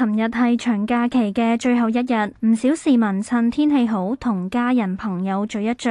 尋日係長假期嘅最後一日，唔少市民趁天氣好，同家人朋友聚一聚。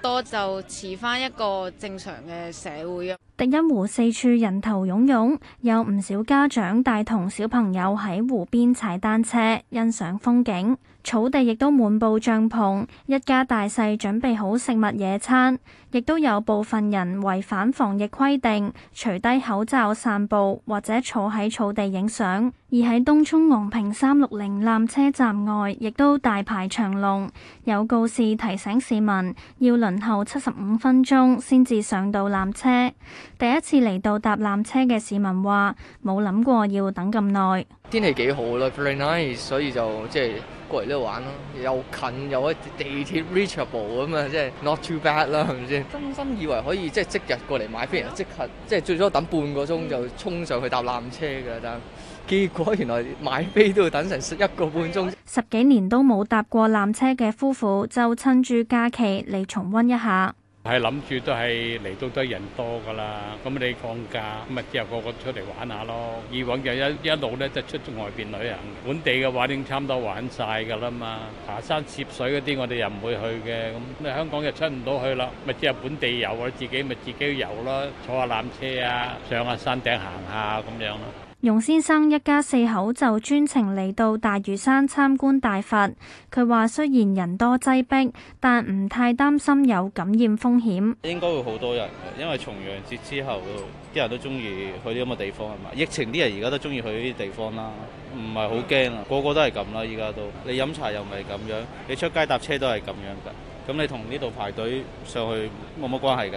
多就遲翻一個正常嘅社會咯。迪欣湖，四處人頭湧湧，有唔少家長帶同小朋友喺湖邊踩單車，欣賞風景。草地亦都滿佈帳篷，一家大細準備好食物野餐。亦都有部分人違反防疫規定，除低口罩散步或者坐喺草地影相。而喺東涌昂坪三六零纜車站外，亦都大排長龍，有告示提醒市民要輪候七十五分鐘先至上到纜車。第一次嚟到搭纜車嘅市民話，冇諗過要等咁耐。天氣幾好啦，very nice，所以就即係。過嚟呢度玩咯，又近又可以地鐵 reachable 咁啊，即係 not too bad 啦，係咪先？真心以為可以即係即日過嚟買飛，即刻，即係最多等半個鐘就衝上去搭纜車㗎，但結果原來買飛都要等成一個半鐘。十幾年都冇搭過纜車嘅夫婦，就趁住假期嚟重溫一下。係諗住都係嚟到都係人多噶啦，咁你放假咪之後個個出嚟玩下咯。以往就一一路咧，就係出外邊旅行，本地嘅話已經差唔多玩晒噶啦嘛。爬山涉水嗰啲，我哋又唔會去嘅。咁你香港又出唔到去啦，咪即係本地遊啊，自己咪自己遊咯，坐下纜車啊，上下山頂行下咁樣咯，啊。容先生一家四口就專程嚟到大嶼山參觀大佛。佢話雖然人多擠逼，但唔太擔心有感染風險。應該會好多人嘅，因為重陽節之後啲人都中意去啲咁嘅地方係嘛？疫情啲人而家都中意去啲地方啦，唔係好驚啊，個個都係咁啦。而家都你飲茶又唔係咁樣，你出街搭車都係咁樣噶。咁你同呢度排隊上去冇乜關係㗎。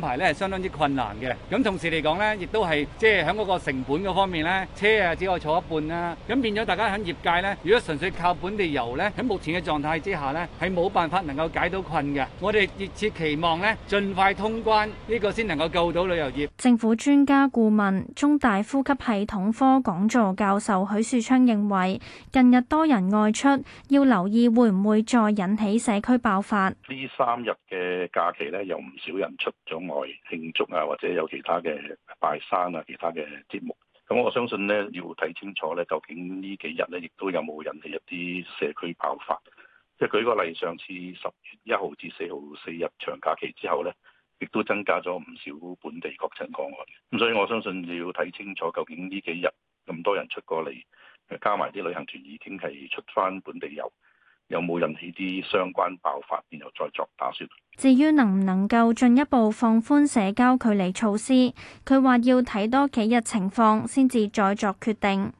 排咧係相當之困難嘅，咁同時嚟講咧，亦都係即係喺嗰個成本嗰方面咧，車啊只可以坐一半啦，咁變咗大家喺業界咧，如果純粹靠本地遊咧，喺目前嘅狀態之下咧，係冇辦法能夠解到困嘅。我哋熱切期望咧，盡快通關，呢個先能夠救到旅遊業。政府專家顧問、中大呼吸系統科講座教授許樹昌認為，近日多人外出，要留意會唔會再引起社區爆發。呢三日嘅假期咧，有唔少人出眾，外慶祝啊，或者有其他嘅拜山啊，其他嘅節目。咁我相信呢，要睇清楚呢，究竟呢幾日呢，亦都有冇引起一啲社區爆發。即係舉個例，上次十月一號至四號四日長假期之後呢，亦都增加咗唔少本地確診個案。咁所以我相信要睇清楚，究竟呢幾日咁多人出過嚟，加埋啲旅行團，已經係出翻本地遊。有冇引起啲相關爆發，然後再作打算。至於能唔能夠進一步放寬社交距離措施，佢話要睇多幾日情況先至再作決定。